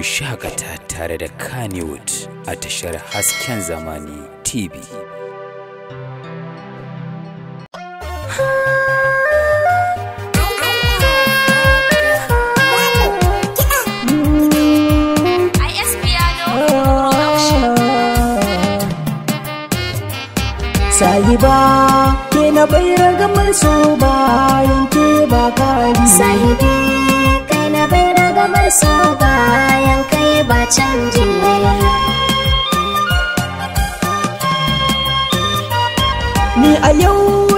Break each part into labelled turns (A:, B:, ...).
A: ku shakata tare da Kannywood a tashar hasken zamani TV. ba ke na bayar gamar so bayan ke ba kari. ba. gabar so bayan kai ba canji ni a yau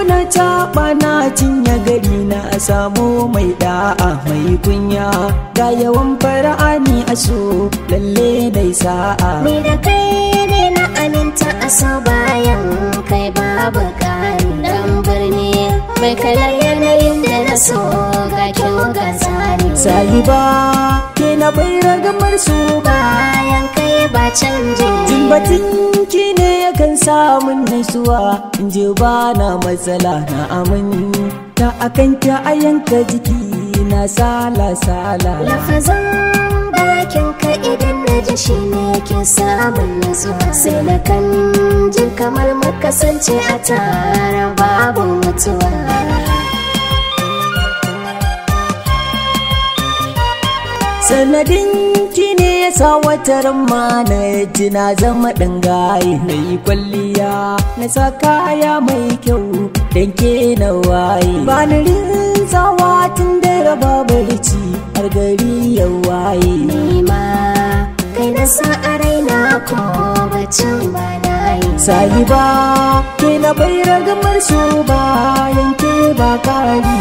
A: na taɓa na cinye gari na samu mai da'a mai kunya ga yawan fara'a ni a so lalle dai sa'a ni da kai ne na aminta a so bayan kai babu kari dan birni mai kalar yanayin da na so ba ke na bai ragamar su bayan kai ba canje jin ki ne yakan samun nasuwa in je ba na matsala na aminta akan ta a yanka jiki na sala sala lafazan bakin ka idan na ji shi ne ke samun nasuwa sai na kan jin kamar makasance a tara babu mutuwa sanadin ki ne ya sa wata ramma na yaji na zama ɗan gaye na yi kwalliya na sa kaya mai kyau dan ke na waye ba ni rinzawa tun da raba barci har gari ya waye nima kai na sa a raina ko bacin ba ke na bai ragamar so ba yanke ba kari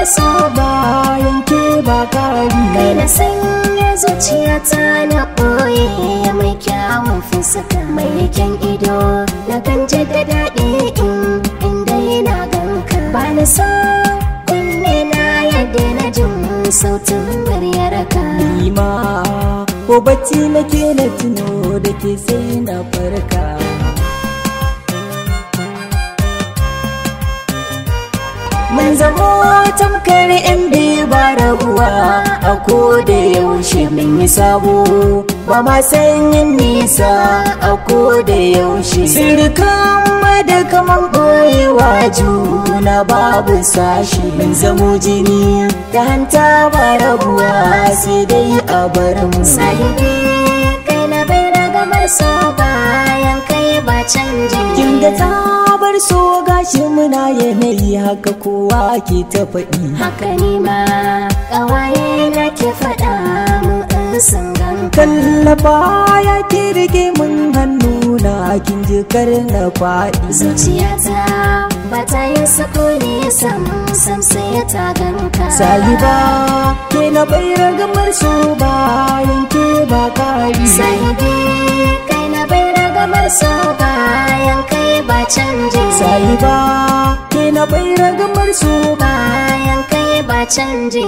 A: da so bayan ba kari kai na sanya zuciyata na ɓoye mai kyawun mai kyan ido na kan da daɗi in inda yana ganka ba na so kunne na yadda na jin sautin muryarka ni ko bacci nake na tuno da ke sai na farka zamo tamkar in biyu ba rabuwa a ko da yaushe mun yi sabo ba ma san nisa a ko da yaushe sirkan da kaman boyewa juna babu sashi mun zamo jini da hanta ba rabuwa sai dai a bar mu sai kai na bai ragamar so bayan kai ba canji kin da ta bar so gashi muna mai haka kowa ke ta faɗi haka ne ma ƙawaye na ke faɗa mu in sun ganka kallafa ya kirge mun hannu na kin ji kar na faɗi zuciyata ba ta yi sukuni samu sam sai ta ganka saliba ke na bai ragamar so bayan ke ba kari sahibi kai na bai ragamar so bayan kai ba can saiba ba ke na bai ragamar su bayan kai ba canje